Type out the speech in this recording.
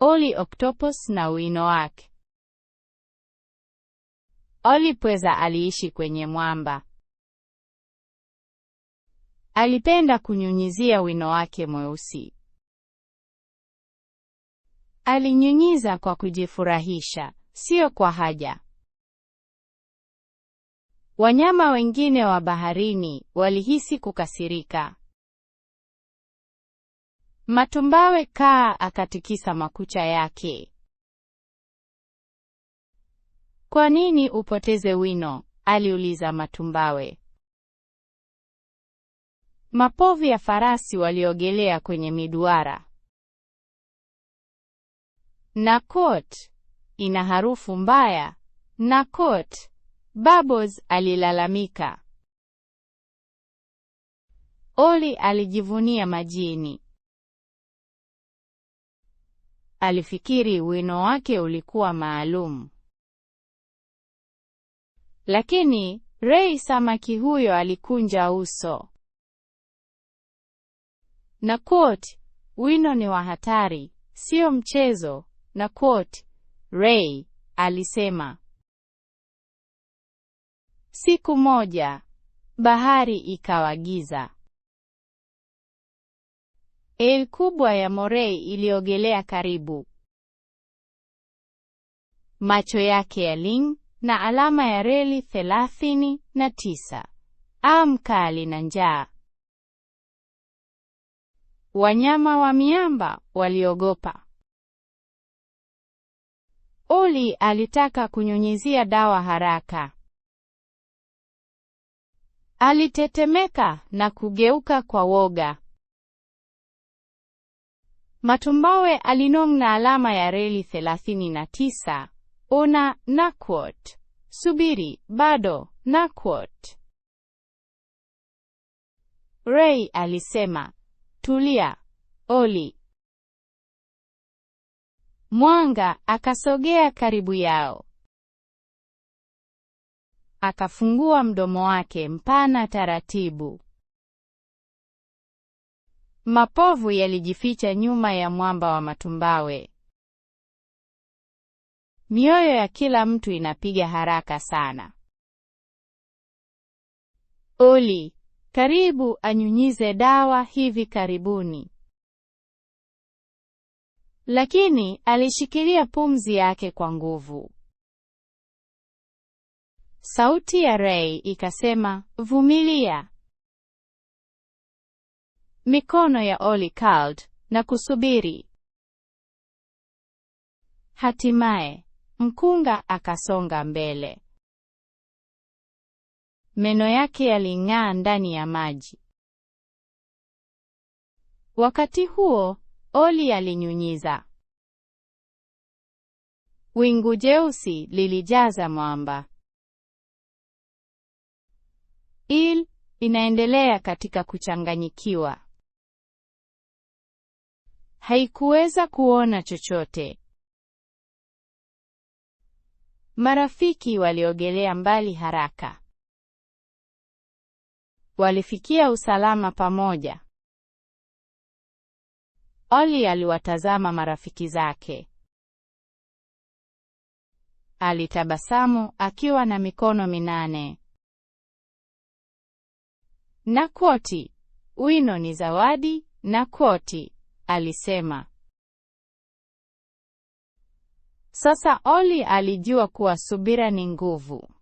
Oli Octopus na wino wake. Oli pweza aliishi kwenye mwamba. Alipenda kunyunyizia wino wake mweusi. Alinyunyiza kwa kujifurahisha, sio kwa haja. Wanyama wengine wa baharini walihisi kukasirika. Matumbawe kaa akatikisa makucha yake. Kwa nini upoteze wino? aliuliza Matumbawe. Mapovu ya farasi waliogelea kwenye miduara. Nakot, ina harufu mbaya. Nakot, Babos alilalamika. Oli alijivunia majini. Alifikiri wino wake ulikuwa maalum. Lakini Rei samaki huyo alikunja uso na quote, wino ni wa hatari, sio mchezo na quote, Rei alisema. Siku moja bahari ikawa giza. El kubwa ya Morei iliogelea karibu. Macho yake ya Ling na alama ya reli thelathini na tisa. Amkali na njaa. Wanyama wa miamba waliogopa. Oli alitaka kunyunyizia dawa haraka. Alitetemeka na kugeuka kwa woga. Matumbawe na alama ya reli 39. Ona Nakwot, subiri bado Nakwot. Ray alisema, tulia Oli. Mwanga akasogea karibu yao, akafungua mdomo wake mpana taratibu. Mapovu yalijificha nyuma ya mwamba wa matumbawe. Mioyo ya kila mtu inapiga haraka sana. Oli, karibu anyunyize dawa hivi karibuni. Lakini alishikilia pumzi yake kwa nguvu. Sauti ya Ray ikasema, vumilia mikono ya Oli Kald na kusubiri. Hatimaye mkunga akasonga mbele, meno yake yaling'aa ndani ya maji. Wakati huo Oli alinyunyiza. Wingu jeusi lilijaza mwamba. Il inaendelea katika kuchanganyikiwa haikuweza kuona chochote. Marafiki waliogelea mbali haraka. Walifikia usalama pamoja. oli aliwatazama marafiki zake. Alitabasamu akiwa na mikono minane. Na koti, wino ni zawadi na koti alisema. Sasa oli alijua kuwa subira ni nguvu.